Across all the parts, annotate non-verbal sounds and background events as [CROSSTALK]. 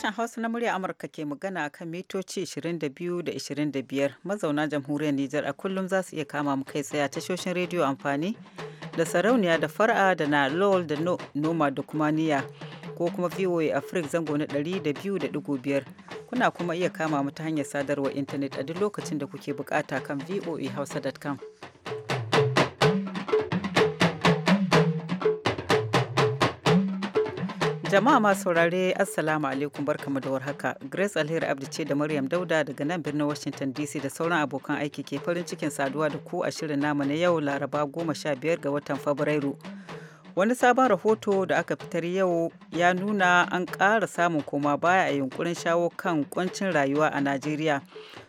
Sashen Hausa na murya Amurka ke magana kan mitoci 22 da 25 mazauna jamhuriyar Nijar a kullum za su iya kama mu kai tsaya tashoshin rediyo amfani da sarauniya da fara da na lol da noma da kuma niya ko kuma VOA Africa zango na 200.5 kuna kuma iya kama mu ta hanyar sadarwar intanet a duk lokacin da kuke bukata kan voa hausa.com. Jama'a ma saurare Assalamu alaikum barkamu da warhaka. Grace Alheri Abdi ce da Maryam Dauda daga nan birnin Washington DC da sauran abokan aiki ke farin cikin saduwa da ku a shirin namu na yau Laraba 15 ga watan Fabrairu. Wani sabon rahoto da aka fitar yau ya nuna an ƙara samun koma baya a yunkurin shawo kan kuncin rayuwa a Najeriya.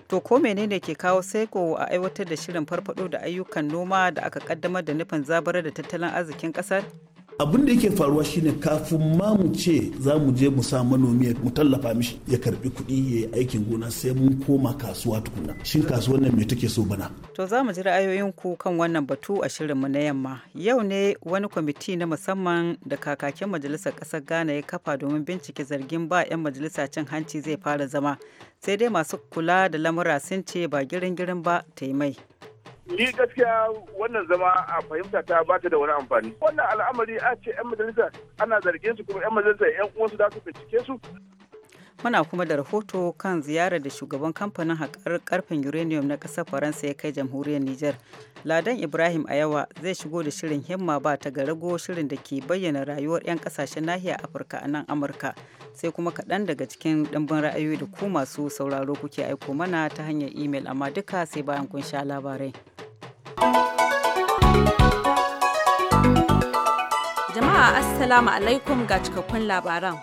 To ko menene ke kawo saiko a aiwatar da shirin farfado da ayyukan noma da aka kaddamar da nufin zabarar da tattalin arzikin ƙasar? abin da yake faruwa shine kafin ma mu ce za mu je mu sa manomi mu tallafa mishi ya karbi kuɗi ya yi aikin gona sai mun koma kasuwa tukuna shin kasuwar nan me take so bana to za mu ji ra'ayoyin ku kan wannan batu a shirinmu na yamma yau ne wani kwamiti na musamman da kakakin majalisar ƙasar Ghana ya kafa domin bincike zargin ba 'yan majalisa cin hanci zai fara zama sai dai masu kula da lamura sun ce ba girin girin ba ta yi mai ni gaskiya wannan zama a fahimta ta ba ta da wani amfani wannan al'amari a ce 'yan majalisa ana zargin su kuma 'yan majalisa 'yan uwansu za su bincike su muna kuma da rahoto kan ziyarar da shugaban kamfanin haƙar karfen uranium na ƙasar faransa ya kai jamhuriyar nijar ladan ibrahim ayawa zai shigo da shirin himma ba ta garago shirin da ke bayyana rayuwar 'yan ƙasashen nahiyar afirka a nan amurka sai kuma kaɗan daga cikin ɗimbin ra'ayoyi da ku masu sauraro kuke aiko mana ta hanyar imel amma duka sai bayan kun sha labarai Jama'a Assalamu alaikum ga cikakkun labaran.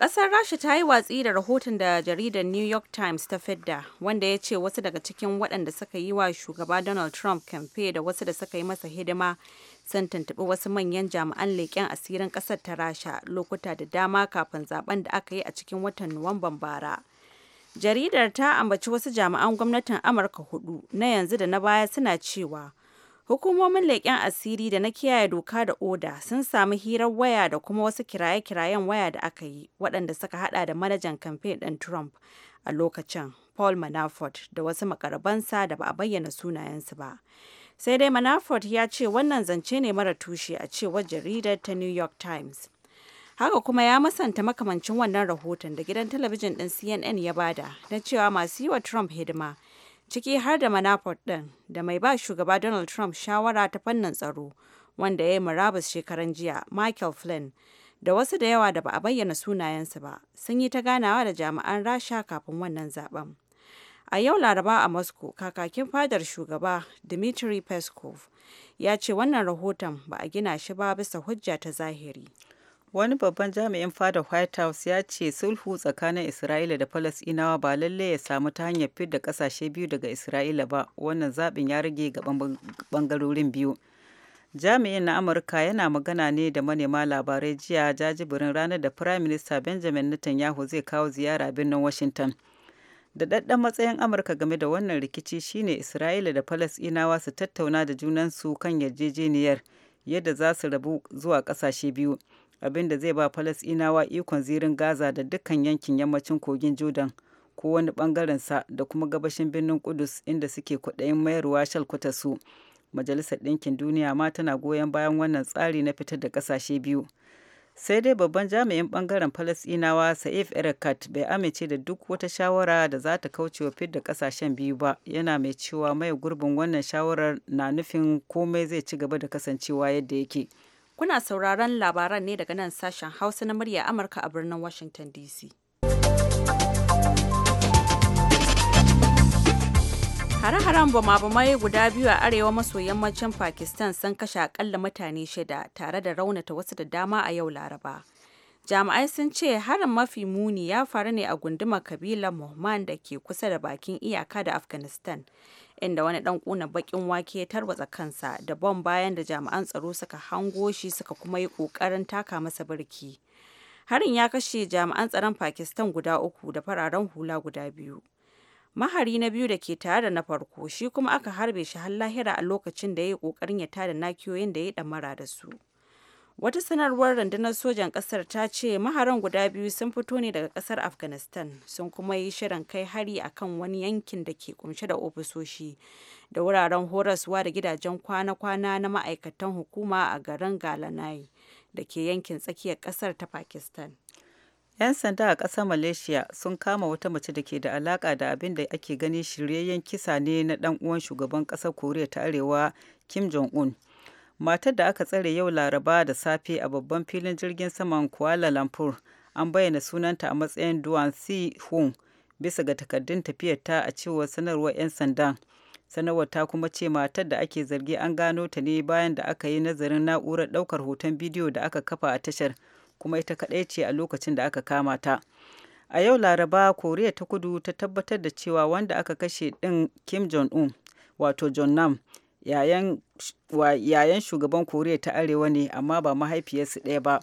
Ƙasar Rasha ta yi watsi da rahoton da jaridar New York Times ta fidda wanda ya ce wasu daga cikin waɗanda suka yi wa shugaba Donald Trump kamfe da wasu da suka yi masa hidima sun tuntuɓi wasu manyan jami'an leƙen asirin ƙasar ta Rasha lokuta da dama kafin zaben da aka yi a cikin watan Nuwamban bara. Jaridar ta ambaci wasu jami'an gwamnatin Amurka hudu na yanzu da na baya suna cewa hukumomin leƙen asiri da na kiyaye doka da oda sun sami hirar waya da kuma wasu kiraye-kirayen waya da aka yi waɗanda suka hada da manajan kamfe ɗin Trump a lokacin Paul Manafort da wasu makarabansa da ba a bayyana sunayensu ba. Sai dai Manafort ya ce wannan zance ne mara tushe a cewar jaridar ta New York Times. haka kuma ya masanta makamancin wannan rahoton da gidan talabijin ɗin cnn ya bada na cewa masu yi wa trump hidima ciki har da manafort ɗin da mai ba shugaba donald trump shawara ta fannin tsaro wanda ya yi murabus shekaran jiya michael flynn da wasu da yawa da ba a bayyana sunayensu ba sun yi ta ganawa da jami'an rasha kafin wannan zaben a yau laraba a moscow kakakin fadar shugaba dmitry peskov ya ce wannan rahoton ba a gina shi ba bisa hujja ta zahiri wani babban jami'in fada white house ya ce sulhu tsakanin isra'ila da falasɗinawa ba lalle ya samu ta hanyar fidda kasashe biyu daga isra'ila ba wannan zaɓin ya rage ga ɓangarorin biyu jami'in na amurka yana magana ne da manema labarai jiya jajibirin ranar da prime minister benjamin netanyahu zai kawo ziyara birnin washington daɗaɗɗen matsayin amurka game da wannan rikici shine isra'ila da falasɗinawa su tattauna da junan su kan yarjejeniyar yadda za su rabu zuwa ƙasashe biyu abin da zai ba falasɗinawa ikon zirin gaza da dukkan yankin yammacin kogin jordan ko wani ɓangarensa da kuma gabashin birnin kudus inda suke kudayin mayarwa shalkwata su majalisar ɗinkin duniya ma tana goyon bayan wannan tsari na fitar da kasashe biyu sai dai babban jami'in ɓangaren falasɗinawa sa'if erekat bai amince da duk wata shawara da za ta kaucewa fidda ƙasashen biyu ba yana mai cewa mai gurbin wannan shawarar na nufin komai zai ci gaba da kasancewa yadda yake. Kuna sauraron labaran ne daga nan sashen Hausa na murya Amurka a birnin Washington DC. Hare-haren bama ya guda biyu a arewa maso yammacin Pakistan sun kashe akalla mutane shida tare da raunata wasu da dama a yau Laraba. Jami'ai sun ce harin mafi muni ya faru ne a gundumar kabilar Mohman da ke kusa da bakin iyaka da Afghanistan, inda wani dan kuna bakin wake ya tarwatsa kansa da bom bayan da jami'an tsaro suka hango shi suka kuma yi kokarin taka masa birki. Harin ya kashe jami'an tsaron Pakistan guda uku da fararen hula guda biyu. mahari na biyu da ke tare da na farko shi kuma aka harbe shi har lahira a lokacin da ya yi kokarin ya tada nakiyoyin da ya yi damara da su Wata sanarwar rundunar sojan ƙasar ta ce maharan guda biyu sun fito ne daga ƙasar Afghanistan sun kuma yi shirin kai hari akan wani yankin da ke kumshe da ofisoshi da wuraren horaswa da gidajen kwana-kwana na ma'aikatan hukuma a garin Galanai da ke yankin tsakiyar ƙasar ta Pakistan. 'Yan sanda a ƙasar Malaysia sun kama wata mace da ke da alaƙa da abin da ake gani shiryayyen kisa ne na ɗan uwan shugaban ƙasar Koriya ta Arewa Kim Jong-un. matar da aka tsare yau laraba da safe a babban filin jirgin saman kuala lumpur an bayyana sunanta a matsayin duan si hun bisa ga takardun tafiyarta a cewar sanarwar 'yan sandan sanarwar ta kuma ce matar da ake zargi an gano ta ne bayan da aka yi nazarin na'urar ɗaukar hoton bidiyo da aka kafa a tashar kuma ita kaɗai ce a lokacin da aka kama ta a yau laraba koriya ta kudu ta tabbatar da cewa wanda aka kashe ɗin kim jong un wato john nam yayan shugaban koriya ta arewa ne amma ba mahaifiyarsu ɗaya ba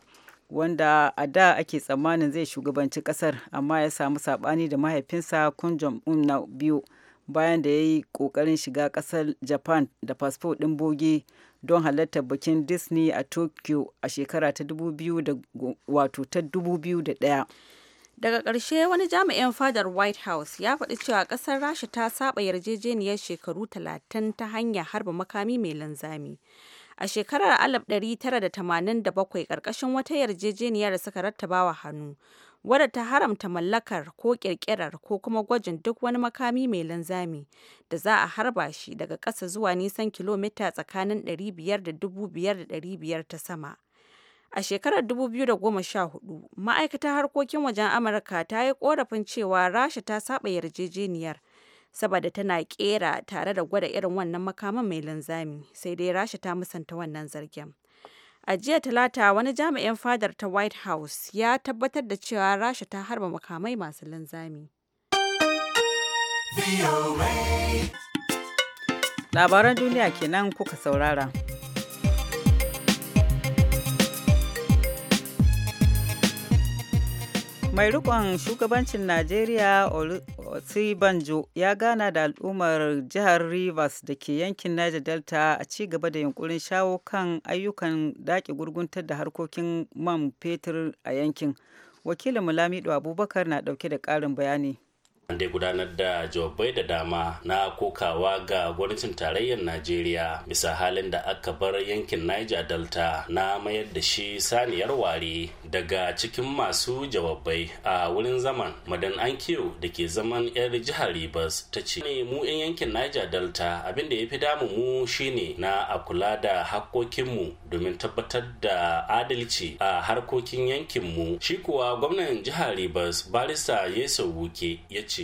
wanda a da ake tsammanin zai shugabanci kasar amma ya samu saɓani da mahaifinsa kun jam'un na biyu bayan da ya yi kokarin shiga kasar japan da fasfo ɗin boge don halartar bikin disney a tokyo a shekara ta 2001 Daga ƙarshe wani jami'in fadar White House ya faɗi cewa ƙasar Rasha ta saba yarjejeniyar shekaru talatin ta hanyar harba makami mai linzami. A shekarar 1987 ƙarƙashin wata yarjejeniyar da suka rattabawa hannu, wadda ta haramta mallakar ko ƙirƙirar ko kuma gwajin duk wani makami mai linzami da za a harba shi daga ƙasa zuwa nisan kilomita tsakanin 500 da 500 ta sama. A shekarar 2014, ma'aikatar harkokin wajen Amurka ta yi korafin cewa Rasha ta saɓa yarjejeniyar saboda tana kera tare da gwada irin wannan makaman mai linzami, sai dai Rasha ta musanta wannan zargin. A jiya Talata, wani jami'in fadar ta White House ya tabbatar da cewa Rasha ta harba makamai masu linzami. Labaran duniya kenan kuka saurara. mai rikon shugabancin najeriya banjo ya gana da al'ummar jihar rivers da ke yankin niger delta a ci gaba da yunkurin shawo kan ayyukan daƙi gurguntar da harkokin man fetur a yankin wakilin mulamido abubakar na ɗauke da ƙarin bayani da gudanar da jawabai da dama na kokawa ga gwamnatin tarayyar najeriya bisa halin da aka bar yankin niger delta na mayar da shi saniyar ware daga cikin masu jawabai a wurin zaman madan ankiyo da ke zaman yar jihar ribas ta ce ne mu 'yan yankin niger delta abin da ya fi damu mu shine na a kula da hakkokinmu domin tabbatar da adalci a harkokin yankinmu shi kuwa gwamnan jihar ribas barista yeso wuke ya ce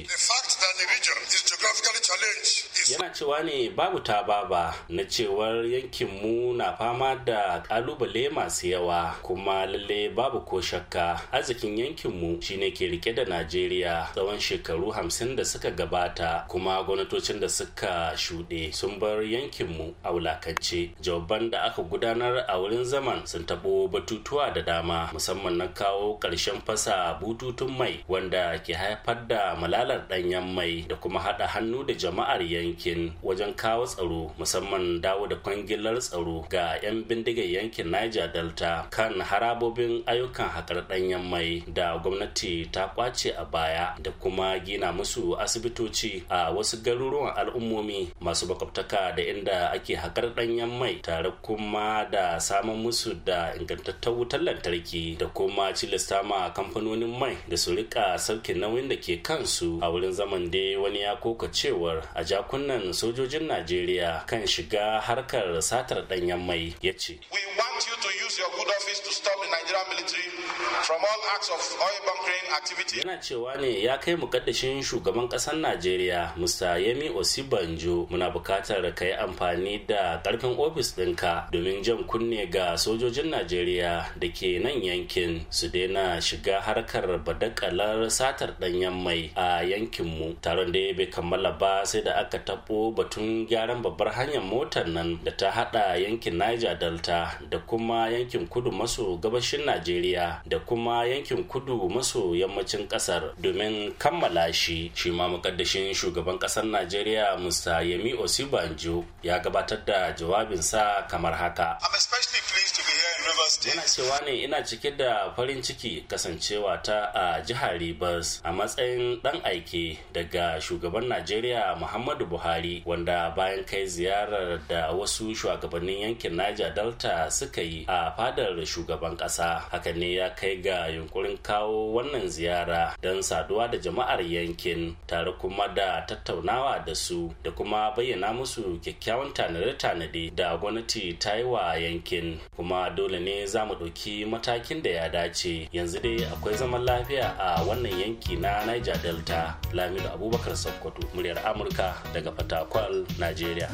ce yana cewa ne babu ta baba na cewar yankinmu na fama da kalubale masu yawa kuma lalle babu ko shakka arzikin yankinmu shine ke rike da najeriya tsawon shekaru hamsin da suka gabata kuma gwamnatocin da suka shuɗe sun bar yankinmu a wulakance jawaban da aka gudanar a wurin zaman sun taɓo batutuwa da dama musamman na kawo ƙarshen fasa bututun mai wanda ke haifar da malala halar ɗanyen mai da kuma haɗa hannu da jama'ar yankin wajen kawo tsaro musamman dawo da kwangilar tsaro ga 'yan bindigar yankin niger delta kan harabobin ayyukan haƙar ɗanyen mai da gwamnati ta kwace a baya da kuma gina musu asibitoci a wasu garuruwan al'ummomi masu bakwabtaka da inda ake haƙar ɗanyen mai tare kuma da samun musu da ingantattun wutar lantarki da kuma cilista ma kamfanonin mai da su rika sauke nauyin da ke kansu a wurin zaman dai wani ya koka cewar a jakunan sojojin najeriya kan shiga harkar satar danyen mai ya ce yana cewa ne ya kai mu mukaddashin shugaban kasar najeriya musa yemi osibanjo muna bukatar ka yi amfani da karfin ofis ɗinka domin jan kunne ga sojojin najeriya da ke nan yankin su daina shiga harkar badakalar satar danyen mai a yankinmu taron da ya bai kammala ba sai da aka tabo batun gyaran babbar hanyar motar nan da ta hada yankin niger delta da kuma yankin kudu maso gabashin najeriya da kuma yankin kudu maso yammacin kasar domin kammala shi shi ma mukaddashin shugaban ƙasar najeriya musta yemi osibanjo ya gabatar da jawabinsa kamar haka yana cewa ne ina cike da farin ciki kasancewa ta a jihar Rivers a matsayin dan aike daga shugaban najeriya muhammadu buhari wanda bayan kai ziyarar da wasu shugabannin yankin niger delta suka yi a fadar shugaban kasa hakan ne ya kai ga yunkurin kawo wannan ziyara don saduwa da jama'ar yankin tare kuma da tattaunawa da su da kuma bayyana musu kyakkyawan tanade-tanade da gwamnati ta yi wa yankin kuma dole ne za mu ɗauki matakin da ya dace yanzu dai akwai zaman lafiya a wannan yanki na niger delta ta Lamido Abubakar Sokoto muryar Amurka daga Fatakwal, Najeriya.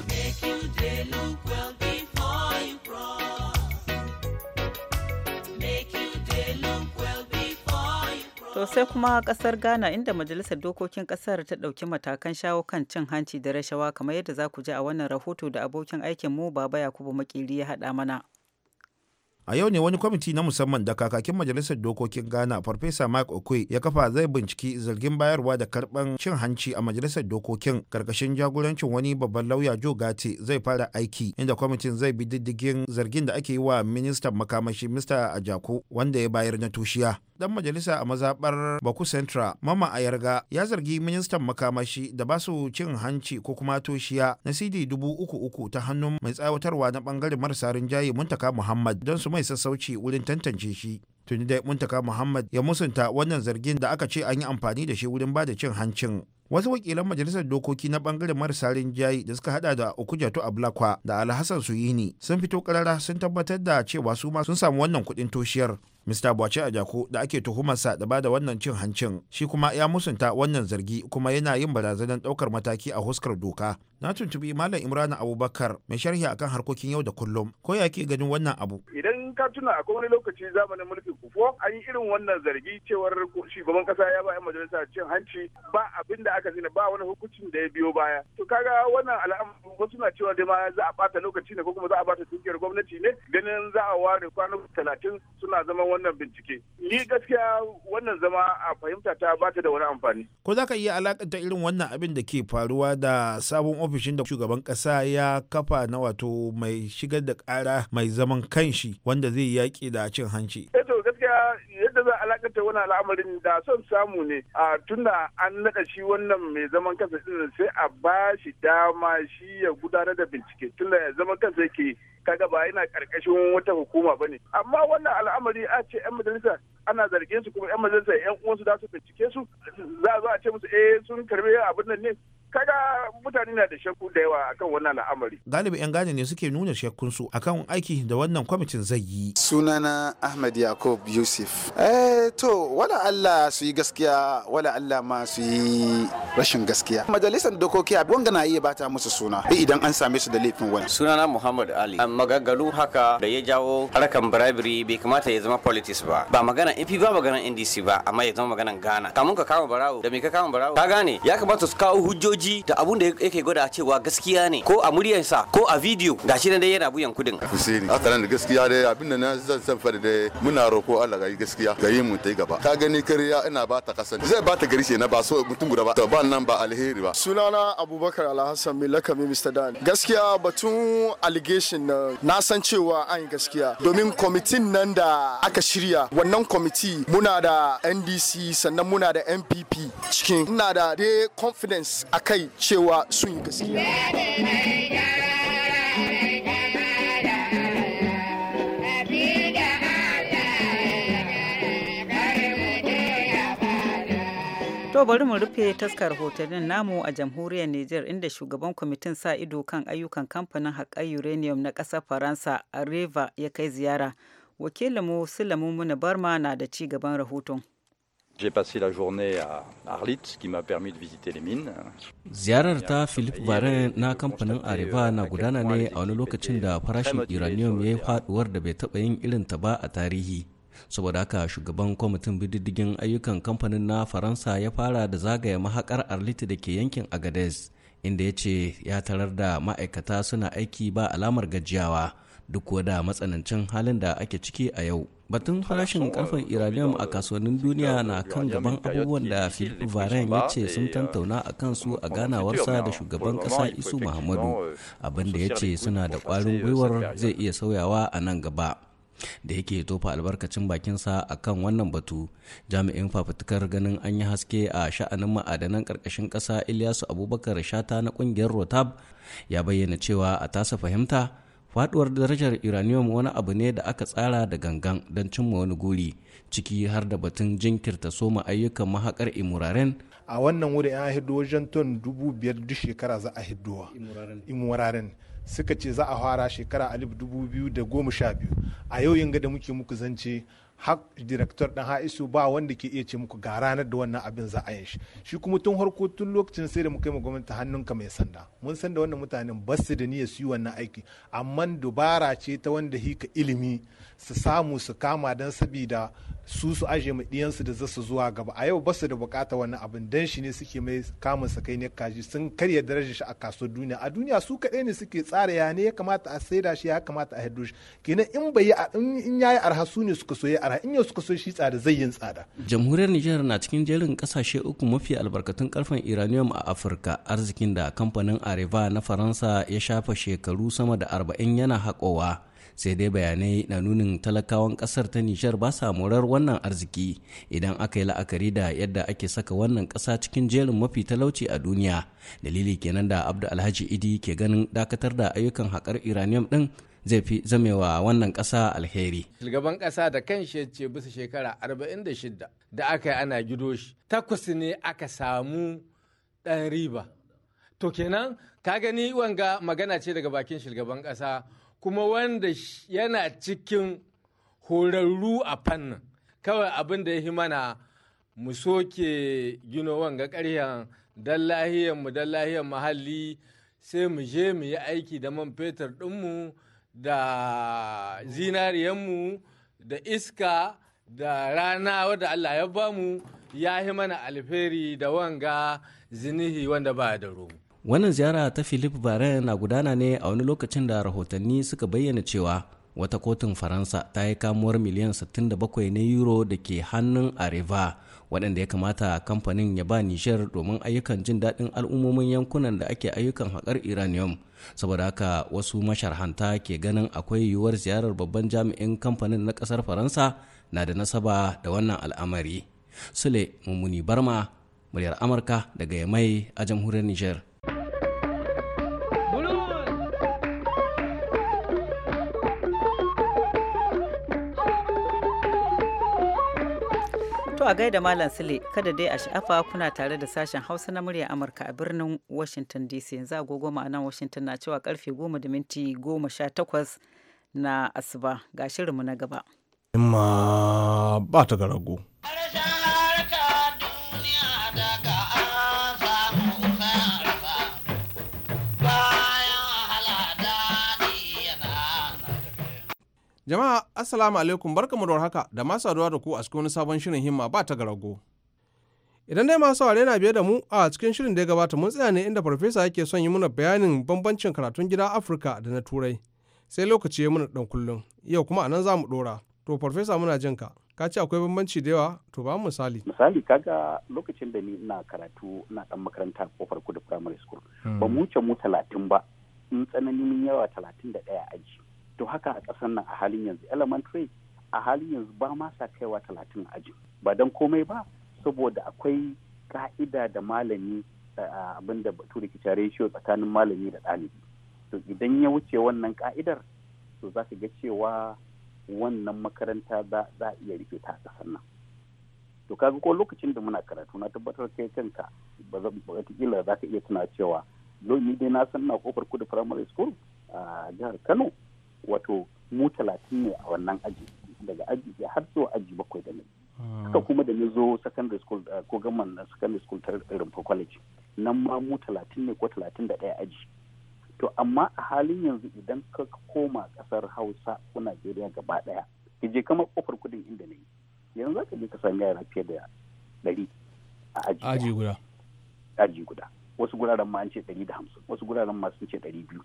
To sai kuma kasar Ghana inda Majalisar Dokokin Kasar ta ɗauki matakan shawo kan cin hanci da rashawa kamar yadda za ku ji a wannan rahoto da abokin aikin mu Baba Yakubu makili ya haɗa mana. a yau ne wani kwamiti na musamman da kakakin majalisar dokokin ghana farfesa mark okwe ya kafa zai binciki zargin bayarwa da karban cin hanci a majalisar dokokin karkashin jagorancin wani babban lauya joe gate zai fara aiki inda kwamitin zai bi diddigin zargin da ake yi wa ministan makamashi mr ajako wanda ya bayar na tushiya dan majalisa a mazabar baku central mama ayarga ya zargi ministan makamashi da ba su cin hanci ko kuma toshiya na cd dubu uku uku ta hannun mai tsawatarwa na bangaren marasa rinjaye muntaka muhammad don su mai sassauci wurin tantance shi tuni dai muntaka muhammad ya musunta wannan zargin da aka ce an yi amfani da shi wurin ba da cin hancin wasu wakilan majalisar dokoki na bangaren marasa rinjaye da suka hada da okujatu ablakwa da alhassan suyini sun fito karara sun tabbatar da cewa su ma sun samu wannan kudin toshiyar Mr. Bwace Ajako da ake tuhumarsa da bada wannan cin hancin shi kuma ya musunta wannan zargi kuma yana yin barazanar ɗaukar mataki a huskar doka. Na tuntubi Malam imran Abubakar mai sharhi akan harkokin yau da kullum ko ya ke ganin wannan abu. Idan ka tuna a wani lokaci zamanin mulkin kufo an yi irin wannan zargi cewar shugaban kasa ya ba 'yan majalisa cin hanci ba abin da aka zina ba wani hukuncin da ya biyo baya. To kaga wannan al'amari wasu na cewa dai ma za a bata lokaci ne ko kuma za a bata dukiyar gwamnati ne ganin za a ware kwanaki talatin suna zama wani wannan bincike ni gaskiya wannan zama a fahimta ta ba ta da wani amfani ko za ka iya alakanta irin wannan abin da ke faruwa da sabon ofishin da shugaban kasa ya kafa na wato mai shigar da kara mai zaman kanshi wanda zai yaƙi da cin hanci eh yadda za a alakanta wani al'amarin da son samu ne a tunda an naɗa shi wannan mai zaman kansa sai a ba shi dama shi ya gudanar da bincike tunda zaman kansa yake kaga ba yana karkashin wata hukuma bane amma wannan al'amari a ce yan majalisa ana zargin su kuma yan majalisa yan uwansu za su bincike su za a zo a ce musu eh sun karbe abin nan ne kaga mutane na da shakku da yawa akan wannan al'amari galibi yan gane ne suke nuna shakkunsu akan aiki da wannan kwamitin zai yi sunana ahmad yakub yusuf eh to wala allah su yi gaskiya wala allah ma su yi rashin gaskiya majalisar dokoki a wanga na iya bata musu suna idan an same su da laifin wani sunana muhammad ali magagalu haka da ya jawo harkan bribery bai kamata ya zama politics ba ba magana ifi ba magana ndc ba amma ya zama maganan ghana kamun ka kama barawo da me ka kama barawo ka gane ya kamata su kawo hujjoji ji da abun da yake gwada cewa gaskiya ne ko a muryarsa ko a bidiyo ga shi dai yana buyan kudin Hussein haka nan da gaskiya dai abin da na zan san fara da muna roko Allah ga gaskiya ga yin mutai gaba ka gani kariya ina ba ta kasance zai ba ta gari na ba so mutum guda ba to ba nan ba alheri ba sunana Abubakar Alhassan mai lakami Mr Dan gaskiya batun allegation na na san cewa an gaskiya domin kwamitin nan da aka shirya wannan kwamiti muna da NDC sannan muna da MPP cikin ina da dai confidence a kai cewa sun yi gaskiya To bari mu rufe taskar hotunan namu a jamhuriyar Nijar inda shugaban kwamitin sa ido kan ayyukan kamfanin haƙar uranium na ƙasar Faransa Areva ya kai ziyara. Wakilinmu Sulamu Muna Barma na da ci gaban rahoton. J'ai passé la journée à qui m'a permis de visiter les mines. Ziyarar ta Philip Varin na kamfanin Areva na gudana ne a wani lokacin da farashin uranium ya yi faduwar da bai taɓa yin irin ta ba a tarihi. Saboda haka shugaban kwamitin bididdigin ayyukan kamfanin na Faransa ya fara da zagaya mahakar Arlit da ke yankin Agadez, inda ya ce ya tarar da ma'aikata suna aiki ba alamar gajiyawa duk da matsanancin halin da ake ciki a yau. batun farashin karfin iranium a kasuwannin duniya na kan gaban abubuwan da philip varen ya ce sun tantauna a kansu a ganawarsa da shugaban kasa isu muhammadu abinda ya ce suna da kwarin gwiwar zai iya sauyawa a nan gaba da yake tofa albarkacin bakinsa a kan wannan batu jami'in fafutukar ganin an yi haske a sha'anin ma'adanan ƙarƙashin ƙasa ilyasu abubakar shata na ƙungiyar rotab ya bayyana cewa a tasa fahimta faduwar darajar uranium wani abu ne da aka tsara da gangan don cimma wani guri ciki har da batun jinkirta soma ayyukan mahakar imuraren a wannan wuri ya hiddo wajen ton dubu biyar duk shekara za a hiddowa imuraren suka ce za a fara shekara alif dubu biyu da goma sha biyu a yau yin gada muke muku zance hak director dan haisu ba wanda ke iya ce muku ga ranar da wannan abin za a yi shi shi kuma tun harko tun lokacin sai da mu kai mu gwamnati hannunka mai sanda mun san da wannan mutanen ba su da niyyar su yi wannan aiki amma dubara ce ta wanda hika ilimi su samu su kama don sabida su su aje mu diyansu da zasu zuwa gaba a yau ba su da bukata wannan abin dan shi ne suke mai kamun su kai ne kaji sun karya darajar shi a kasuwar duniya a duniya su kaɗai ne suke tsara ya ne ya kamata a saida shi ya kamata a haddo shi kenan in bai yi in yayi arha su ne suka soye arha in yau suka so shi tsada zai yin tsada jamhuriyar Nijar na cikin jerin kasashe uku mafi albarkatun karfen uranium a Afirka arzikin da kamfanin Areva na Faransa ya shafa shekaru sama da 40 yana haƙowa sai dai bayanai na nunin talakawan kasar ta nishar ba sa morar wannan arziki idan aka yi la'akari da yadda ake saka wannan kasa cikin jerin mafi talauci a duniya dalili kenan da abdu alhaji idi ke ganin dakatar da ayyukan haƙar iranium din zai fi zamewa wannan ƙasa alheri. Shugaban ƙasa da kan shi ce bisa shekara 46 da aka yi ana gido shi, takwas ne aka samu ɗan riba. To kenan, ka gani wanga magana ce daga bakin shugaban ƙasa kuma wanda yana cikin horarru a fannin kawai abin da ya yi mana mu soke gino wanga ƙaryan don lahiyar mu don lahiyar muhalli sai mu je mu yi aiki da man fetur ɗinmu da zinariyanmu da iska da rana wadda Allah ya bamu ya yi mana alferi da wanga zinihi wanda ba da romu. wannan ziyara ta philip varen na gudana ne a wani lokacin da rahotanni suka bayyana cewa wata kotun faransa ta yi kamuwar miliyan 67 na euro da ke hannun areva waɗanda ya kamata kamfanin ya ba nishar domin ayyukan jin daɗin al'ummomin yankunan da ake ayyukan haƙar iranium saboda haka wasu masharhanta ke ganin akwai yiwuwar ziyarar babban jami'in kamfanin na ƙasar faransa na da nasaba da wannan al'amari sule mummuni barma muryar amurka daga yamai a jamhuriyar nijar To a gaida Malam Sule, kada dai a sha'afa kuna tare da sashen Hausa na murya Amurka a birnin Washington DC. Yanzu agogo ma'anan Washington na cewa karfe 10 da minti 18 na asuba ga shirinmu na gaba. ma ba ta garago. Jama'a Assalamu alaikum barkamu da haka da masu saduwa da ku a cikin wani sabon shirin himma ba ta garago. Idan dai masu saurare na biye da mu a cikin shirin da ya gabata mun tsaya ne inda farfesa yake son yi muna bayanin bambancin karatun gida Afirka da na Turai. Sai lokaci ya muna dan kullum. Yau kuma anan za mu dora. To farfesa muna jin ka. Ka ce akwai bambanci da yawa to ba misali. Misali kaga lokacin da ni ina karatu ina dan makaranta farko da primary school. Ba mu wuce mu talatin ba. In tsanani yawa talatin da ɗaya aji. to haka a ƙasar nan a halin yanzu elementary a halin yanzu ba ma sa kaiwa talatin aji ba don komai ba saboda akwai ka'ida da malami abin da batu ke ratio tsakanin malami da ɗalibi to idan ya wuce wannan ka'idar to za ka ga cewa wannan makaranta za a iya rufe ta a ƙasar nan to kaga ko lokacin da muna karatu na tabbatar kai kanka ba za ka iya tuna cewa ni dai na san na kofar kudu primary school a jihar kano wato mu talatin ne a wannan aji daga aji har zuwa aji bakwai da ne suka ah. kuma da na zo secondary school eh, ko gaman secondary school ta rumfa college nan ma mu talatin ne ko talatin da ɗaya aji to amma a halin yanzu idan ka koma ƙasar hausa ko najeriya gaba ɗaya ka je kama kofar kudin inda ne yanzu za ka je ka sami yara fiye da ɗari a aji guda aji guda wasu guraren ma an ce ɗari da hamsin wasu guraren ma sun ce ɗari biyu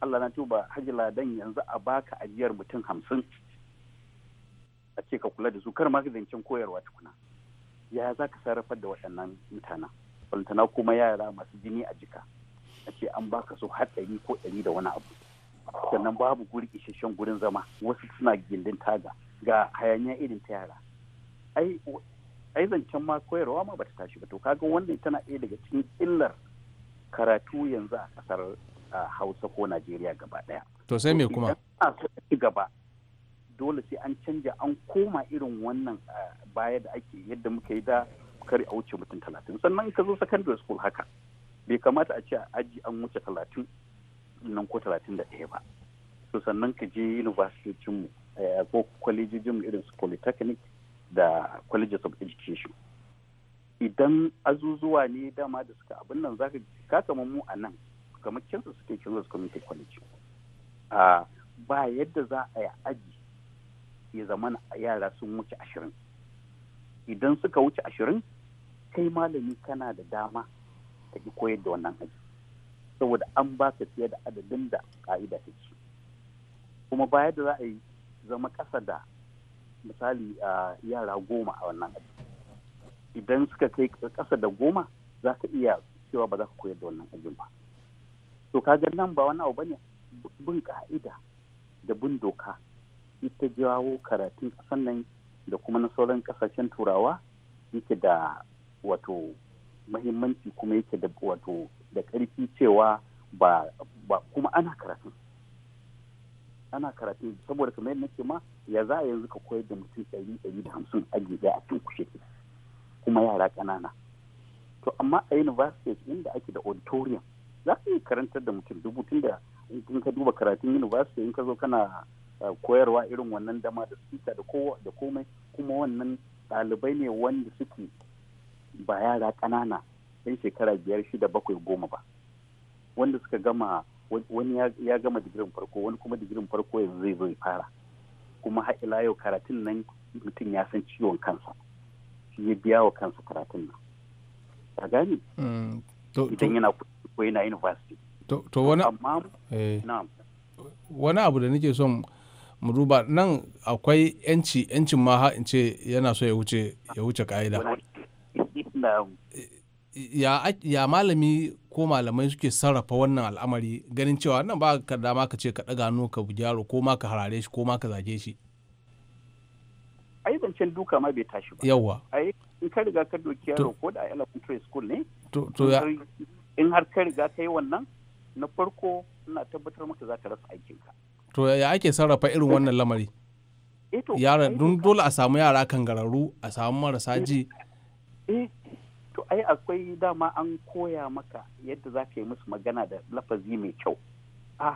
Allah na tuba Haji ladan yanzu a baka ajiyar mutum hamsin a ce ka kula da su kar ma zancen koyarwa tukuna ya za ka sarrafa da waɗannan mutanen Faltana kuma yara masu jini a jika a ce an baka so har ko ɗari da wani abu sannan babu guri isasshen gurin zama wasu suna gindin taga ga hayaniya irin ta yara ai zancen ma koyarwa ma bata tashi ba to kaga wannan tana ɗaya daga cikin illar karatu yanzu a ƙasar A hausa ko najeriya gaba ɗaya. to sai me kuma ci gaba dole sai an canja an koma irin wannan baya da ake yadda muka yi da kar a wuce mutum talatin sannan ka zo secondary school haka bai kamata a ce a aji an wuce talatin nan ko talatin da ɗaya ba to sannan ka je mu eh, ko kwalejijin mu irin su polytechnic da colleges of education idan azuzuwa ne dama da suka abin nan zaka ka kama mu a nan kamar kinsu suke kinsu community college ba yadda za a yi aji ya zama yara sun wuce ashirin idan suka wuce ashirin kai malami kana da dama ka ki koyar da wannan aji saboda an ba ka fiye da adadin da ka'ida ta ce kuma ba yadda za a yi zama ƙasa da misali yara goma a wannan aji idan suka kai ƙasa da goma za ka iya cewa ba za ka koyar da wannan ajin ba to ga nan ba wani abu bane bin ka'ida da bin doka ita jawo karatun kasan nan da kuma na sauran kasashen turawa yake da wato mahimmanci kuma yake da wato da karfi cewa ba kuma ana karatun ana karatun saboda kamar yadda nake ma ya za a yanzu ka koyar da mutum ɗari ɗari da hamsin a gida a cikin kushe kuma yara ƙanana to amma a university inda ake da auditorium za su iya karantar da mutum dubu tunda in ka duba karatun university in ka zo kana uh, koyarwa irin wannan dama da speaker da komai kuma wannan ɗalibai ne wanda suke ba yara ƙanana yan shekara biyar shida bakwai goma ba wanda suka gama wani ya gama digirin farko wani kuma digirin farko yanzu zai zo ya fara kuma har ila yau karatun nan mutum ya san ciwon kansa shi ya biya wa kansa karatun nan a gane mm, idan yana koyi na university to wani eh. wani abu da nake son mu duba nan akwai yanci yancin ma in ce yana so ya wuce ya wuce ka'ida [LAUGHS] ya malami ko malamai suke sarrafa wannan al'amari ganin cewa nan ba ka dama ka ce ka ɗaga hannu ka bugi yaro ko ma ka harare shi ko ma ka zage shi Ayyukan zancen duka ma bai tashi ba Yawwa. ai in ka riga ka doki yaro ko da elementary school ne to ya in har ka riga ka yi wannan na farko ina tabbatar maka za ka rasa aikinka to ya ake sarrafa irin wannan lamari eh yara eh dun dole a samu yara kan gararu a samu marasa ji eh, to ai akwai dama an koya maka yadda za ka yi musu magana da lafazi mai kyau a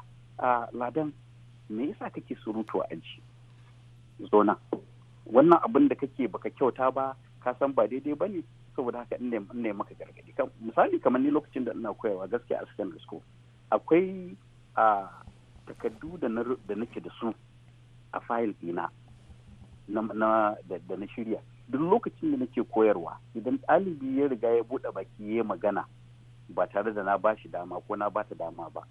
ladan me yasa kake surutu a aji zona wannan abin da kake baka kyauta ba ka san ba daidai ba ne saboda haka in ne maka gargadi misali kamar ni lokacin da ina koyawa gaskiya a secondary school akwai a takardu da nake da su a fayil dina da na shirya duk lokacin da nake koyarwa idan ɗalibi ya riga ya buɗe baki ya magana ba tare da na bashi dama ko na ba dama ba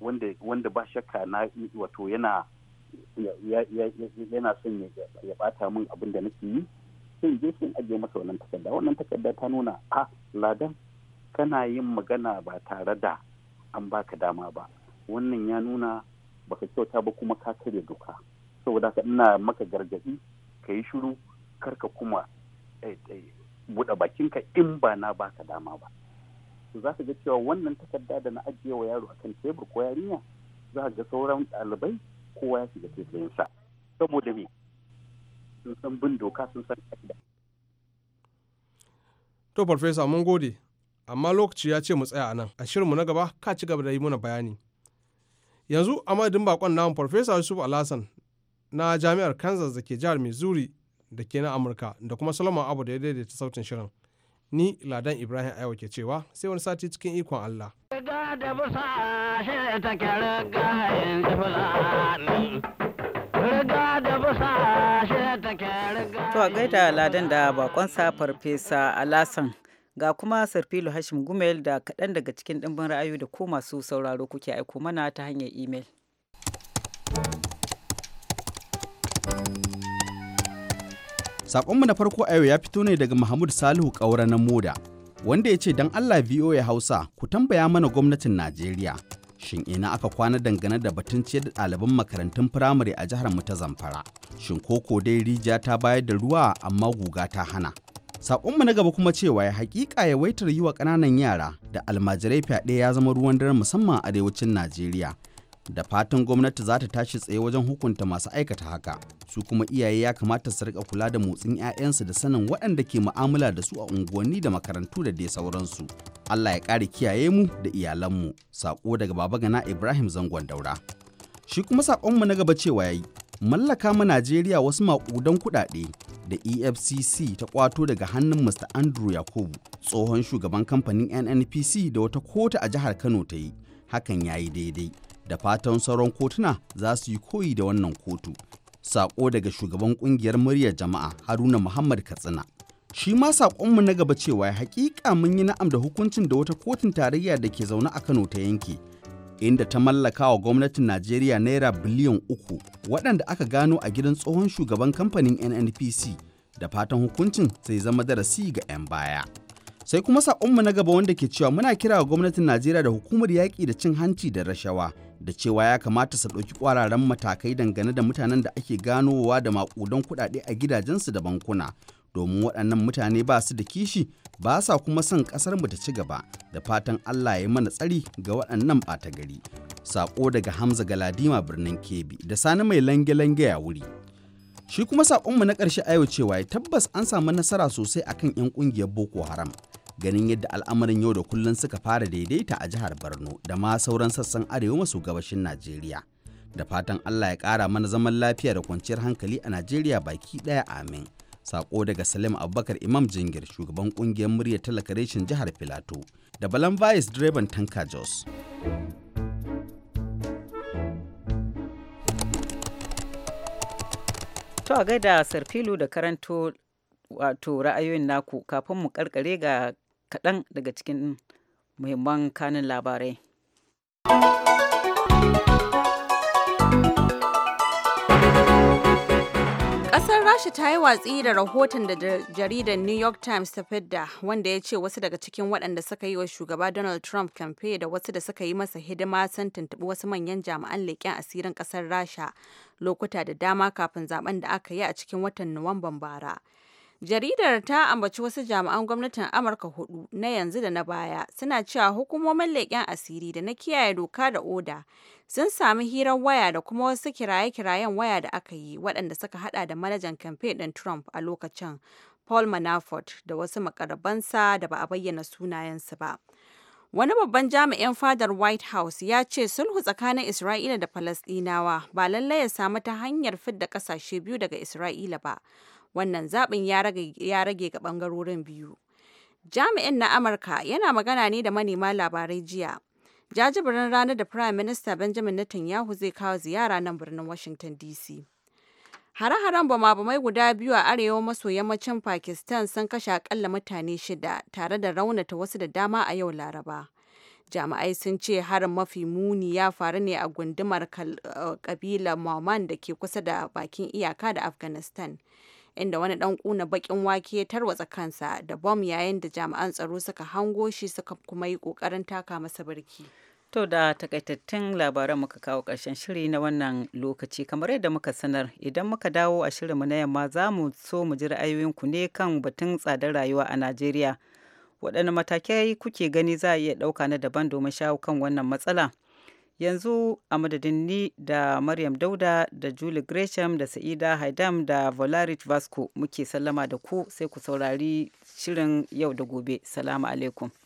wanda ba shakka na wato yana yana son ya bata min abin da nake yi sai je shi ajiye masa wannan takarda wannan takarda ta nuna a ladan kana yin magana ba tare da an baka dama ba wannan ya nuna baka kyauta ba kuma ka karya doka saboda haka ina maka gargaɗi ka yi shiru kar ka kuma eh, eh, buɗe bakinka in ba na baka dama ba za ka ga cewa wannan takarda da na ajiye wa yaro akan tebur ko yarinya za ga sauran ɗalibai kowa ya shiga tefayinsa saboda me sun san bin doka sun san ka'ida. To Farfesa mun gode, amma lokaci ya ce mu tsaya a nan, a shirinmu na gaba ka ci gaba da yi muna bayani. Yanzu a madadin bakon namu Farfesa Yusuf Alhassan na Jami'ar Kansas da ke jihar Missouri da ke na Amurka da kuma Solomon Abu da ya daidaita sautin shirin. Ni Ladan Ibrahim Aiwa ke cewa sai wani sati cikin ikon Allah. Da da ta To a gaida ladan da bakonsa farfesa Alasan ga kuma Sarfilu Hashim Gumel da kaɗan daga cikin ɗimbin ra'ayu da ko masu sauraro kuke aiko mana ta hanyar imel. Saƙonmu na farko a yau ya fito ne daga Mahmud Salihu Ƙaura na Moda, wanda ya ce don Allah VOA Hausa ku tambaya mana gwamnatin Najeriya shin ina aka kwana dangane da batun ciyar da ɗaliban makarantun firamare a jihar mu ta zamfara shin koko dai rijiya ta bayar da ruwa amma guga ta hana saƙonmu na gaba kuma cewa ya haƙiƙa yawaitar yi wa ƙananan yara da almajirai fyaɗe ya zama ruwan dare musamman a arewacin najeriya da fatan gwamnati za ta tashi tsaye wajen hukunta masu aikata haka su kuma iyaye ya kamata su rika kula da motsin 'ya'yansu da sanin waɗanda ke mu'amala da su a unguwanni da makarantu da dai sauransu allah ya ƙara kiyaye mu da iyalanmu saƙo daga baba gana ibrahim zangon daura shi kuma saƙonmu na gaba cewa yayi mallaka ma najeriya wasu maƙudan kuɗaɗe da efcc ta kwato daga hannun mr andrew yakubu tsohon shugaban kamfanin nnpc da wata kota a jihar kano ta yi hakan ya yi daidai da fatan sauran kotuna za su yi koyi da wannan kotu. Sako daga shugaban kungiyar muryar jama'a Haruna Muhammad Katsina. Shi ma saƙonmu na gaba cewa ya haƙiƙa mun yi na'am da hukuncin da wata kotun tarayya da ke zaune a Kano ta yanke. Inda ta mallaka wa gwamnatin Najeriya Naira biliyan uku waɗanda aka gano a gidan tsohon shugaban kamfanin NNPC da fatan hukuncin sai zama darasi ga 'yan baya. sai kuma saƙonmu na gaba wanda ke cewa muna kira wa gwamnatin najeriya da hukumar yaƙi da cin hanci da rashawa da cewa ya kamata su ɗauki ƙwararren matakai dangane da mutanen da ake ganowa da maƙudan kuɗaɗe a gidajensu da bankuna domin waɗannan mutane ba su da kishi ba sa kuma son ƙasar mu ta ci gaba da fatan Allah ya mana tsari ga waɗannan ɓata gari saƙo daga Hamza ga ladima birnin kebi da Sani mai lange-lange ya wuri shi kuma saƙonmu na ƙarshe a yau cewa tabbas an samu nasara sosai akan 'yan ƙungiyar Boko Haram ganin yadda al'amarin yau da kullun suka fara daidaita a jihar Borno da ma sauran sassan arewa maso gabashin Najeriya. Da fatan Allah ya kara mana zaman lafiya da kwanciyar hankali a Najeriya baki ɗaya amin. Sako daga Salim Abubakar Imam Jingir shugaban ƙungiyar murya talaka reshen jihar Filato da Balan Vice direban Tanka Jos. To a gaida Sarfilu da karanto wato ra'ayoyin naku kafin mu karkare ga kaɗan daga cikin muhimman kanin labarai. Ƙasar Rasha ta yi watsi da rahoton da jaridar New York Times ta fidda wanda ya ce wasu daga cikin waɗanda suka yi wa shugaba Donald Trump kamfe da wasu da suka yi masa hidima sun tuntuɓi wasu manyan jami'an leƙen asirin ƙasar Rasha lokuta da dama kafin zaben da aka yi a cikin watan Nuwamban bara. Jaridar ta ambaci wasu jami'an gwamnatin Amurka hudu na yanzu da na baya suna cewa hukumomin leƙen asiri da na kiyaye doka da oda sun sami hirar waya da kuma wasu kiraye-kirayen waya da aka yi waɗanda suka hada da manajan kamfe ɗin Trump a lokacin Paul Manafort da wasu makarabansa da ba a bayyana sunayensu ba. Wani babban jami'in fadar White House ya ce sulhu tsakanin Isra'ila da Falasɗinawa ba lallai ya samu ta hanyar fidda ƙasashe biyu daga Isra'ila ba, Wannan zaɓin ya rage ga ɓangarorin biyu. Jami'in na Amurka yana magana ne da manema labarai jiya. Jajibirin ranar da prime minister Benjamin Netanyahu zai kawo ziyara nan birnin Washington DC. Hare-haren bama-bamai guda biyu a arewa maso yammacin Pakistan sun kashe akalla mutane shida tare da raunata wasu da dama a yau Laraba. Jami'ai sun ce harin mafi muni ya faru ne a gundumar eh, kabilar mauman da ke kusa da bakin iyaka da Afghanistan, inda wani dan kuna bakin wake ya tarwatsa kansa da bom yayin da jami'an tsaro suka hango shi suka kuma yi kokarin taka masa barki. To da takaitattun labaran muka kawo ƙarshen shiri na wannan lokaci kamar yadda muka sanar idan muka dawo a shirinmu na yamma za mu so mu ji ra'ayoyinku ne kan batun tsadar rayuwa a Najeriya. Waɗanne matakai kuke gani za a iya ɗauka na daban domin shawo kan wannan matsala? yanzu a madadin ni da maryam dauda da julie gresham da sa'ida haidam da volarit vasco muke sallama da ku sai ku saurari shirin yau da gobe salamu alaikum